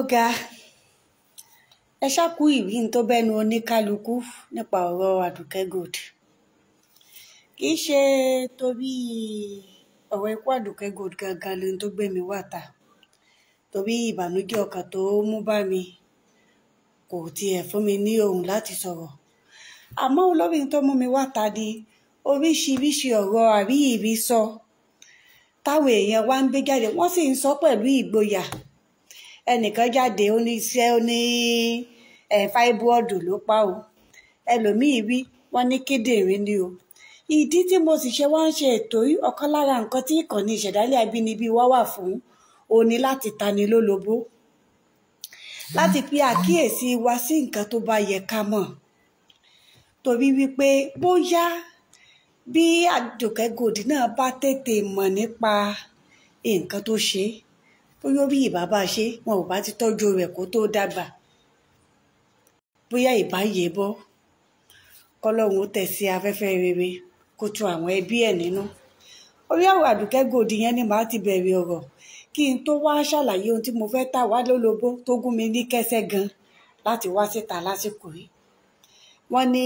ọ̀gá ẹ ṣàkú ìwí tó bẹ́nu oníkálukú nípa ọ̀rọ̀ àdùkẹ́ gold kì í ṣe torí ọ̀rọ̀ ikú àdùkẹ́ gold gangan lóhun tó gbé mi wá ta torí ìbànújẹ́ ọkàn tó mú bá mi kò tiẹ̀ fún mi ní ohun láti sọ̀rọ̀ àmọ́ olóbìnrin tó mú mi wá ta ni oríṣiríṣi ọ̀rọ̀ àríyìnrí sọ táwọn èèyàn wá ń gbé jáde wọ́n sì ń sọ pẹ̀lú ìgboyà ẹnìkan jáde ó ní iṣẹ́ ó ní fáibúọ̀dù ló pa o ẹlòmíì wí wọ́n ní kíndìnrín ni o ìdí tí mo sì ṣe wá ń ṣe ètò yìí ọ̀kan lára nǹkan tí ìkànnì ìṣẹ̀dálẹ̀ abínibí wa wà fún òun ni láti tani lólobó láti pe àkíyèsí wa sí nǹkan tó bá yẹ ká mọ̀ torí wípé bóyá bí Àjọkẹ́ náà bá tètè mọ̀ nípa nǹkan tó ṣe é bóyá bí ìbá bá ṣe wọn ò bá ti tọ́jú rẹ̀ kó tó dàgbà bóyá ìbá yé bọ́ kọ́lọ́hún ó tẹ̀ sí afẹ́fẹ́ rere kó tu àwọn ẹbí ẹ̀ nínú orí àwọn àdùkẹ́ gòdì yẹn ni màá ti bẹ̀rẹ̀ ọ̀rọ̀ kí n tó wá ṣàlàyé ohun tí mo fẹ́ tà wá lólobó tó gún mi ní kẹsẹ́ gan láti wá síta lásìkò yìí wọ́n ní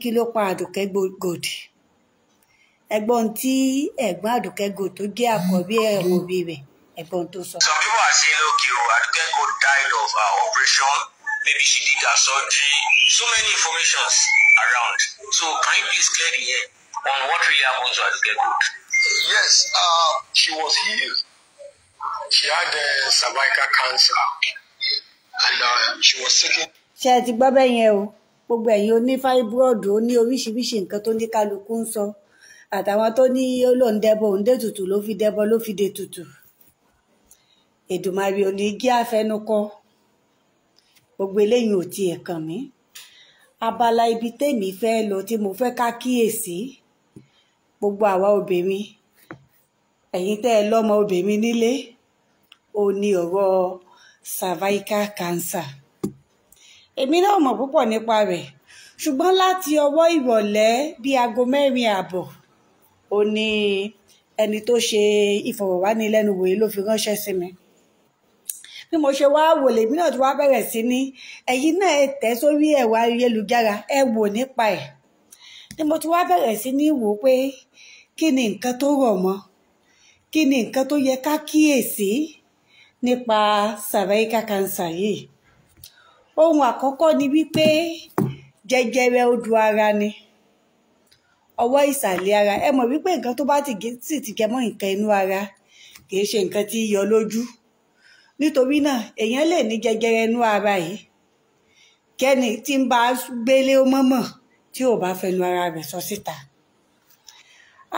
kí ló pa àdùkẹ́ gòdì tí ẹ̀gbọ́n àdùkẹ́ tó jẹ́ àkọ́bí ẹ̀wọ̀n òbí rẹ̀ ẹ̀gbọ́n tó sọ. some people are saying okay o oh, Aduke Gold died of her uh, operation maybe she did her surgery so many informations around so can you please clear the air on what really happened to Aduke Gold. yes uh, she was healed she had uh, cervical cancer and uh, she was taking. ṣé ẹ ti gbọ́ bẹ́ẹ̀ yẹn o gbogbo ẹ̀yin oní fáibúrọ̀dù ó ní oríṣiríṣi nǹkan tó ní kálukú ń sọ àtàwọn tó ní ó lóun ló fi dẹbọ ló fi dé Èdùmàrè ò ní gé àfẹnukọ gbogbo eléyìí ò tiẹ̀ kàn mí abala ibi tèmi fẹ́ lọ tí mo fẹ́ ká kíyèsí gbogbo àwa obìnrin ẹ̀yin tẹ́ ẹ lọ́mọ obìnrin nílé ò ní ọ̀rọ̀ cervical cancer èmi náà mọ̀ púpọ̀ nípa rẹ̀ ṣùgbọ́n láti ọwọ́ ìrọ̀lẹ́ bíi aago mẹ́rin ààbọ̀ ò ní ẹni tó ṣe ìfọ̀rọ̀wánilẹ́nuwò yìí ló fi ránṣẹ́ sí mi bí mo ṣe wá wò lèmi náà ti wá bẹ̀rẹ̀ sí ní ẹ̀yin náà ẹ tẹ̀ sórí ẹ̀rọ ayélujára ẹ wò nípa ẹ̀ ni mo ti wá bẹ̀rẹ̀ sí ní wò pé kí ni nǹkan tó rọ̀ mọ́ kí ni nǹkan tó yẹ ká kíyèsí nípa cervical cancer yìí ohun àkọ́kọ́ ni wípé jẹjẹrẹ odò ara ni ọwọ́ ìsàlẹ̀ ara ẹ mọ̀ wípé nǹkan tó bá sì ti jẹ mọ́ nǹkan inú ara kì í ṣe nǹkan tí yọ lójú nítorí náà èèyàn lè ní jẹjẹrẹ inú ara yìí kẹ́ni tí ń bá gbélé mọ́mọ́ tí ò bá fẹnu ara rẹ̀ sọ síta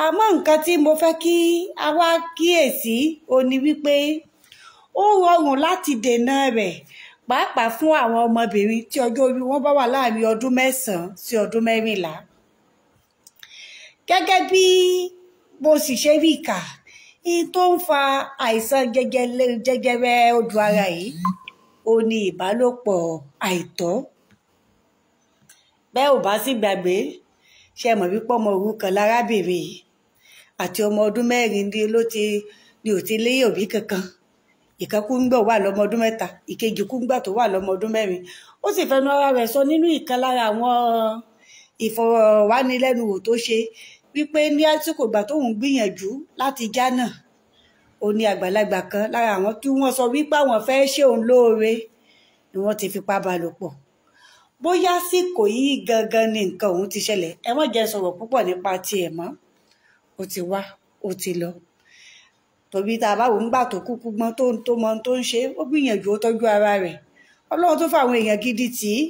àmọ́ nǹkan tí mo fẹ́ kí a wá kíyèsí o ní wípé ó rọrùn láti dènà rẹ̀ pàápàá fún àwọn ọmọbìnrin tí ọjọ́ orí wọn bá wà láàrin ọdún mẹ́sàn-án sí ọdún mẹ́rìnlá gẹ́gẹ́ bí mo sì ṣe rí kà ihun tó ń fa àìsàn jẹjẹrẹ odò ara yìí ó ní ìbálòpọ̀ àìtọ́ bẹ́ẹ̀ ò bá sì gbàgbé ṣe mọ̀ wípé ọmọ òrukàn lárábìnrin yìí àti ọmọ ọdún mẹ́rin ni ló ti ni ò ti lé òbí kankan ìkan kú ń gbọ̀ wà lọ́mọ ọdún mẹ́ta ìkejì kú ń gbà tó wà lọ́mọ ọdún mẹ́rin ó sì fẹnu ara rẹ̀ sọ nínú ìkan lára àwọn ìfọ̀rọ̀wánilẹ́nuwò tó ṣe wípé ní àsìkò ìgbà tóun gbìyànjú láti já náà ó ní àgbàlagbà kan lára àwọn tí wọ́n sọ wípé àwọn fẹ́ ṣe òun lóore ni wọ́n ti fipá bá lò pọ̀ bóyá àsìkò yìí gangan ni nǹkan òun ti ṣẹlẹ̀ ẹ má jẹ́ sọ̀rọ̀ púpọ̀ nípa tiẹ̀ mọ́ ó ti wá ó ti lọ tòbí tá a bá wò ń gbà tó kúkú gbọ́n tó ń tó mọ tó ń ṣe ó gbìyànjú ó tọ́jú ara rẹ̀ ọlọ́run tó fàwọn èèyàn gidi tì í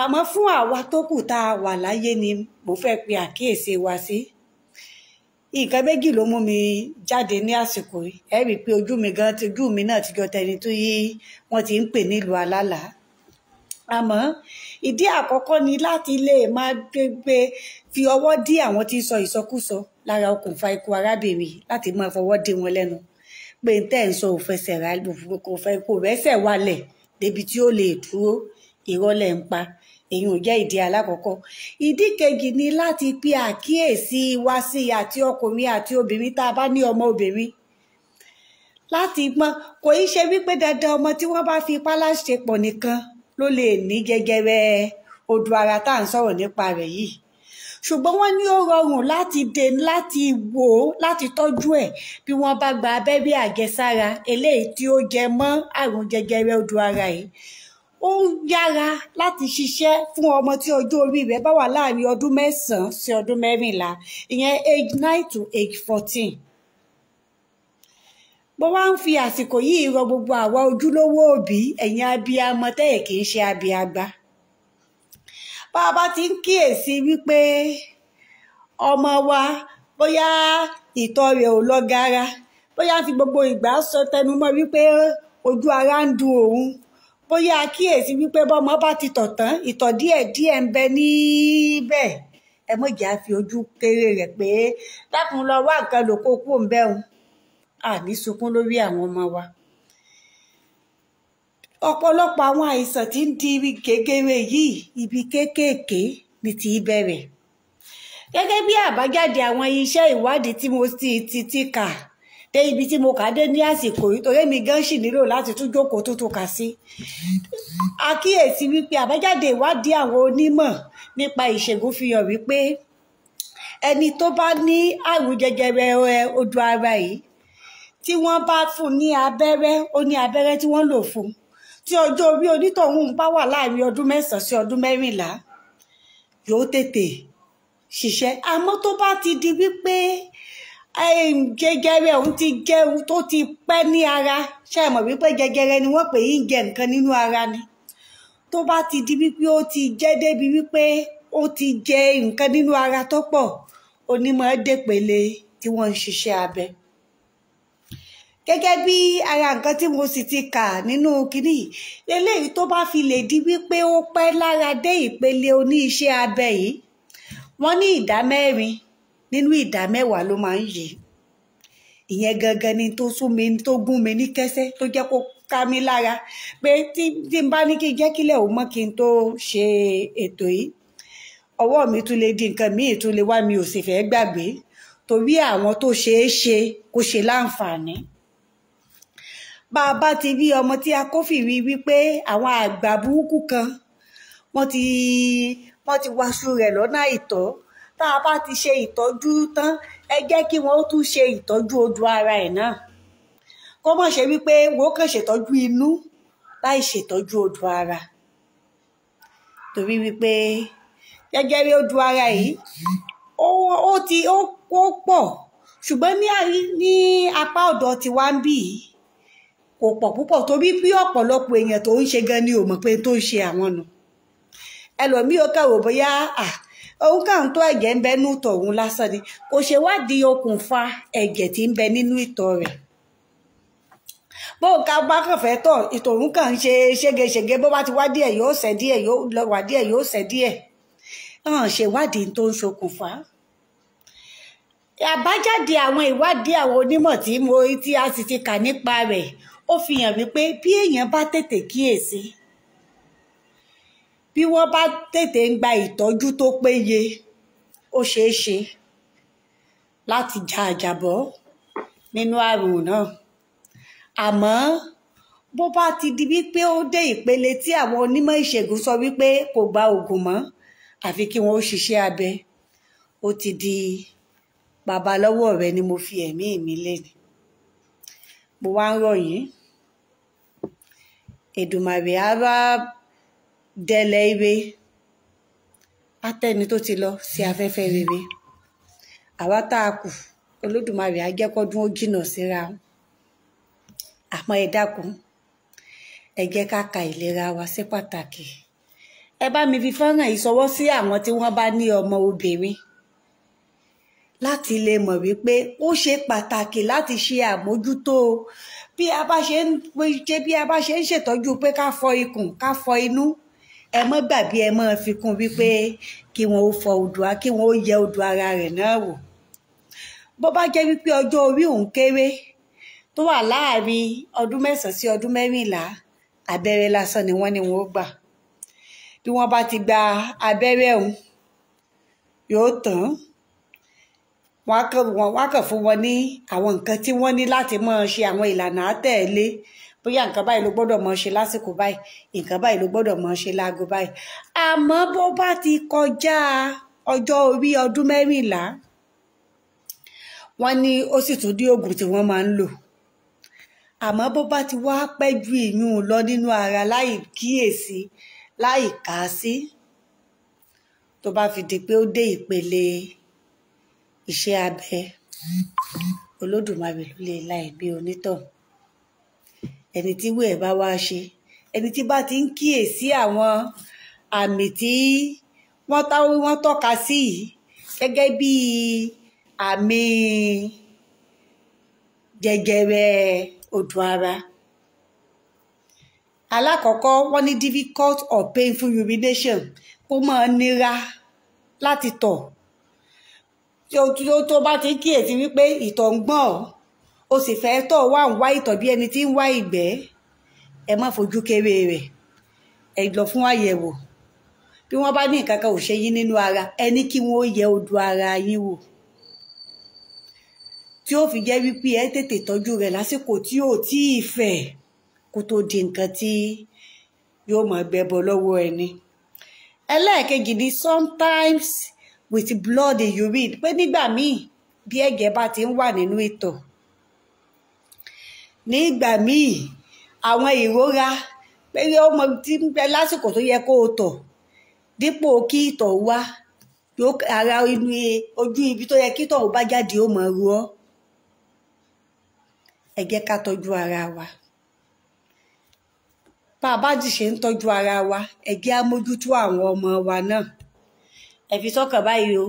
àmọ́ fún àwa tó kù tá a wà láyé ni mo fẹ́ pe àkíyèsí wa sí nǹkan méjì ló mú mi jáde ní àsìkò yìí ẹ rí i pé ojú mi gan ojú mi náà ti jọ tẹni tó yí wọ́n ti ń pè nílùú alálàá àmọ́ ìdí àkọ́kọ́ ni láti lè máa gbé fi ọwọ́ dí àwọn tí ń sọ ìsọkúsọ lára okùnfà ikú arábìnrin láti máa fọwọ́ dí wọn lẹ́nu pé n tẹ́ ń sọ òfẹsẹ̀ rà kò fẹ́ kò rẹ́sẹ̀ débi tí ó lè dúró ìrọ́lẹ̀ ń pa èyí ò jẹ́ ìdí alákọ̀ọ́kọ́ ìdí kejì ni láti pe àkíyèsí wa sí àti ọkùnrin àti obìnrin tá a bá ní ọmọ obìnrin láti gbọ́n kò í ṣe wípé dandan ọmọ tí wọ́n bá fi ipá láṣepọ̀ nìkan ló lè ní jẹjẹrẹ odò ara tá à ń sọ̀rọ̀ nípa rẹ̀ yìí ṣùgbọ́n wọ́n ní ó rọrùn láti dè láti wò ó láti tọ́jú ẹ̀ bí wọ́n bá gba abẹ́rẹ́ àjẹsára eléyìí tí ó jẹ mọ́ àrùn jẹjẹrẹ odò ara yìí ó ń yára láti ṣiṣẹ́ fún ọmọ tí ọjọ́ orí rẹ̀ bá wà láàrin ọdún mẹ́sàn-án sí ọdún mẹ́rìnlá ìyẹn age nine to age fourteen. mo wá ń fi àsìkò yìí rọ gbogbo àwa ojúlówó òbí ẹ̀yin abiyamọ tẹ́yẹ̀ kì í ṣe abiyagba. bá a bá ti ń kíyèsí wípé ọmọ wa bóyá ìtọ̀ rẹ̀ ò lọ gara bóyá fi gbogbo ìgbà sọ tẹnumọ́ wípé ojú ara ń dùn òun bóyá àkíyèsí wípé bọ́mọ bá ti tọ̀ tán ìtọ̀ díẹ̀ díẹ̀ ń bẹ níbẹ̀ ẹ mọ̀ ìjà fi ojú kéré rẹ̀ pé dákun lọ wá nǹkan lòkó kú ń bẹ́ òun àní sunkún lórí àwọn ọmọ wa ọ̀pọ̀lọpọ̀ àwọn àìsàn tí ń di ibi gègéré yìí ibi kéékèèké ni ti bẹ̀rẹ̀ gẹ́gẹ́ bí àbájáde àwọn iṣẹ́ ìwádìí tí mo ti ti kà dé ibi tí mo kà dé ní àsìkò yìí torí mi gan sì nílò láti tún jókòó tó tó kà sí. àkíyèsí wípé àbájáde ìwádìí àwọn onímọ̀ nípa ìṣègùn fi hàn wípé ẹni tó bá ní àrùn jẹjẹrẹ ojú ara yìí tí wọ́n bá fún ní abẹ́rẹ́ ó ní abẹ́rẹ́ tí wọ́n lò fún tí ọjọ́ orí onítọ̀hún bá wà láàrin ọdún mẹ́sàn-án sí ọdún mẹ́rìnlá yóò tètè ṣiṣẹ́ àmọ́ tó bá ti di wípé jẹjẹrẹ òun ti jẹun tó ti pẹ́ ní ara ṣàmọ̀ wípé jẹjẹrẹ ni wọ́n pè ń jẹ nǹkan nínú ara ni tó bá ti di wípé ó ti jẹ́ débi wípé ó ti jẹ nǹkan nínú ara tó pọ̀ onímọ̀ dèpele tí wọ́n ń ṣiṣẹ́ abẹ gẹ́gẹ́ bí ara nǹkan tí mo sì ti kà nínú kínní eléyìí tó bá fi lè di wípé ó pẹ́ lára dé ìpele oní abẹ yìí wọ́n ní ìdá mẹ́rin nínú ìdá mẹ́wàá ló máa ń yè ìyẹn gangan ni tó sún mi tó gún mi ní kẹsẹ́ tó jẹ́ kó ká mi lára pé tí tí n bá ní kí n jẹ́ kílẹ̀ ò mọ́ kí n tó ṣe ètò yìí ọwọ́ mi tún lè di nǹkan míì tún lè wá mi ò sì fẹ́ gbàgbé torí àwọn tó ṣeé ṣe kó ṣe láǹfààní bá a bá ti rí ọmọ tí a kófìrí wípé àwọn àgbà burúkú kan wọ́n ti wọ́n ti wáṣú rẹ̀ lọ́nà àìtọ́ tá a bá ti ṣe ìtọ́jú tán ẹ jẹ́ kí wọ́n ó tún ṣe ìtọ́jú odò ara ẹ̀ náà kó má ṣe wípé wo kàn ṣètọ́jú inú láì ṣètọ́jú odò ara torí wípé gẹ́gẹ́ bí odò ara yìí ó ti ó pọ̀ ṣùgbọ́n ní apá ọ̀dọ̀ ti wá ń bì yìí kò pọ̀ púpọ̀ torí bí ọ̀pọ̀lọpọ̀ èèyàn tó ń ṣe gan ni ò mọ̀ pé tó ń ṣe àwọn nù ẹlòmíì ó kẹ̀wò bóyá à òun kà ń tó ẹ̀jẹ̀ ń bẹ nínú ìtọ̀ òun lásán ni kò ṣèwádìí okùnfà ẹ̀jẹ̀ tí ń bẹ nínú ìtọ̀ rẹ̀ bó ka bá kàn fẹ́ tọ̀ ìtọ̀ òun kàn ń ṣe ṣégeṣége bó bá ti wá díẹ̀ yóò ṣẹ́ díẹ̀ yóò lọ wá díẹ̀ yóò ṣẹ́ díẹ̀ hàn ṣèwádìí tó ń ṣokùnfà àbájáde àwọn ìwádìí àwọn onímọ̀ tí mo tí a sì ti kà nípa rẹ̀ ó fi hàn wípé bí èèyàn bá tètè kíyèsí bí wọ́n bá tètè ń gba ìtọ́jú tó péye ó ṣeé ṣe láti ja àjàbọ́ nínú àrùn náà àmọ́ bó bá ti di wípé ó dé ìpele tí àwọn onímọ̀ ìṣègùn sọ wípé kò gba oògùn mọ́ àfi kí wọ́n ṣiṣẹ́ abẹ ó ti di bàbá lọ́wọ́ rẹ ni mo fi ẹ̀mí mi léni mo wá ń rọ̀ yín Èdùmàrè á dẹ̀lẹ̀ ire atẹ́ni tó ti lọ sí afẹ́fẹ́ rere àwa tá a kù olódùmarè á jẹ́ ó jìnnà síra àmọ́ ẹ dákun ẹ jẹ́ ká ka ìlera wa sí pàtàkì ẹ bá mi fi fọ́nrán yìí ṣọwọ́ sí àwọn tí wọ́n bá ní ọmọ obìnrin láti lè mọ̀ wípé ó ṣe pàtàkì láti ṣe àmójútó bí a bá ṣe ń ṣe bí a bá ṣe ń ṣètọ́jú pé ká fọ ikùn ká fọ inú ẹ mọ́ gbàgbé ẹ mọ́ fi kún wípé kí wọn ó fọ odò kí wọn ó yẹ odò ara rẹ̀ náà wò bó bá jẹ́ wípé ọjọ́ orí òun kéré tó wà láàrin ọdún mẹ́sàn-án sí ọdún mẹ́rìnlá abẹ́rẹ́ lásán ni wọ́n ní wọn ó gbà bí wọ́n bá ti gba abẹ́rẹ́ òun yóò tán wọ́n á kàn fún wọn ní àwọn nǹkan tí wọ́n ní láti máa ṣe àwọn ìlànà àtẹ̀lé bóyá nǹkan báyìí ló gbọ́dọ̀ mọ̀ ṣe lásìkò báyìí nǹkan báyìí ló gbọ́dọ̀ mọ̀ ṣe láago báyìí àmọ́ bó bá ti kọjá ọjọ́ orí ọdún mẹ́rìnlá wọ́n ní ó sì tún dí oògùn tí wọ́n máa ń lò àmọ́ bó bá ti wá pẹ́ ju ìyún lọ nínú ara láì kíyèsí láì kà á sí tó bá fi di pé ó dé ìpele iṣẹ́ abẹ Olódùmarè ló lè la ẹ̀gbẹ́ onítọ̀hún ẹni tí wíwẹ̀ bá wá ṣe ẹni tí bá ti ń kíyèsí àwọn àmì tí wọ́n táwọn wọ́n tọ́ka sí yìí gẹ́gẹ́ bí àmì jẹjẹrẹ odò ara alákọ̀ọ́kọ́ wọ́n ní difficult or painful urination kó máa nira láti tọ̀ tó bá ti kíyèsí wípé ìtọ̀ ń gbọ̀n ọ́ o sì fẹ́ tọ̀ wá ń wá ìtọ̀ bí ẹni tí ń wá ìgbẹ́ ẹ má fojú kéré rẹ̀ ẹ lọ fún àyẹ̀wò bí wọ́n bá ní nǹkan kan ò ṣe yín nínú ara ẹ ní kí wọ́n yẹ odò ara yín wò tí ó fi jẹ́ wípé ẹ tètè tọ́jú rẹ̀ lásìkò tí ò tí ì fẹ̀ kó tó di nǹkan tí yóò máa gbẹbọ lọ́wọ́ ẹni. ẹlẹ́ẹ̀kejì ni sometimes with blood in urine pé nígbà míì bí ẹ̀jẹ̀ bá ti ń wà nínú ìtọ̀ nígbà míì àwọn ìrora pé ọmọ tí ń bẹ lásìkò tó yẹ kó o tọ̀ dípò kí ìtọ̀ wá ara inú e, ojú ibi tó yẹ kí ìtọ̀ bá jáde ó mọ̀ ru ọ́ ẹ jẹ́ ká tọ́jú ara wa bá a bá jì ṣe ń tọ́jú ara wa ẹ jẹ́ àwọn ọmọ wa náà ẹ fi sọ́kàn báyìí o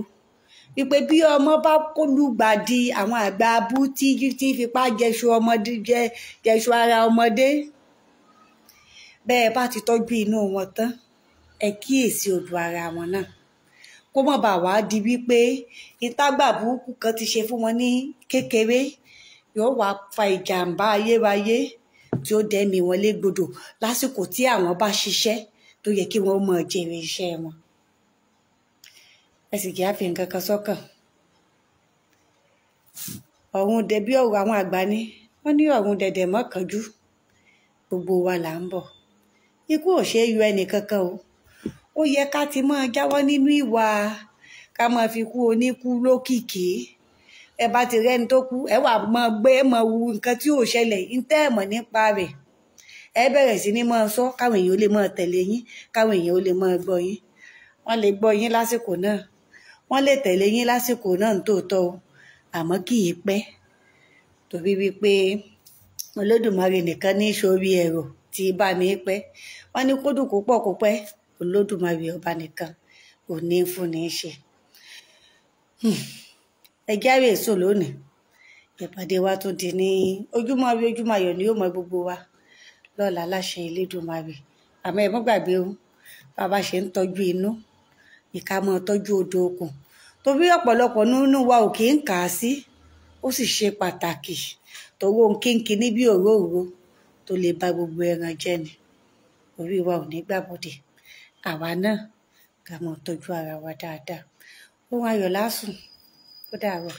ìpè bí ọmọ bá kólùgbàdì àwọn àgbà abú tí tí fipá jẹṣu ọmọdé jẹ jẹṣu ara ọmọdé bẹ́ẹ̀ bá ti tọ́jú inú wọn tán ẹ kíyèsí odò ara wọn náà kó mọ̀ bá wàá di wípé ìtagbà burúkú kan ti ṣe fún wọn ní kékeré yóò wá fa ìjàmbá ayérayé tí ó dẹ́mi wọn légbodò lásìkò tí àwọn bá ṣiṣẹ́ tó yẹ kí wọ́n mọ̀ jèrè iṣẹ́ wọn ẹ sì kí á fi nǹkan kan sọ́kàn ọ̀run dẹbí ọ̀rọ̀ àwọn àgbà ni wọ́n ní ọ̀run dẹ̀dẹ̀ mọ́kànjú gbogbo wa là ń bọ̀ ikú ò ṣeé yọ ẹnìkankan o ó yẹ ká ti máa jáwọ́ nínú ìwà ká máa fi kú oníkú lókìkí ẹ bá ti rẹ́ni tó kú ẹ wà máa gbé máa wu nǹkan tí ò ṣẹlẹ̀ ń mọ̀ nípa rẹ̀ ẹ bẹ̀rẹ̀ sí ní máa sọ káwọn èèyàn ó lè máa tẹ̀lé yín káwọn èèyàn ó lè máa gbọ́ yín wọ́n lè gbọ́ yín lásìkò náà wọ́n lè tẹ̀lé yín lásìkò náà tòótọ́ o àmọ́ kì í pẹ́ torí wípé olódùmarè nìkan ní sórí ẹ̀rọ tí bá mi pẹ́ wọ́n ní kó dùn kó pọ̀ kó pẹ́ olódùmarè ọba nìkan ò ní fún ní ṣe hmm. ẹjẹ́ àrè èso lónìí ìpàdé wa tún di ní ojúmọ́ rí ojúmọ́ ayọ̀ ni yóò mọ gbogbo wa lọ́la láṣẹ Elédùmarè àmọ́ ẹ mọ́ gbàgbé o bàbá ṣe ń tọ́jú inú ìka mọ́ tọ́jú odò okùn torí ọ̀pọ̀lọpọ̀ nínú wa ò kì í kà á sí ó sì ṣe pàtàkì tòwó nkínkín ní bí òróòro tó lè ba gbogbo ẹran jẹ ni orí wa ò ní gbàbọdè àwa náà ká mọ́ tọ́jú ara wa dáadáa ohun ayọ̀ lásùn ó dàrọ̀.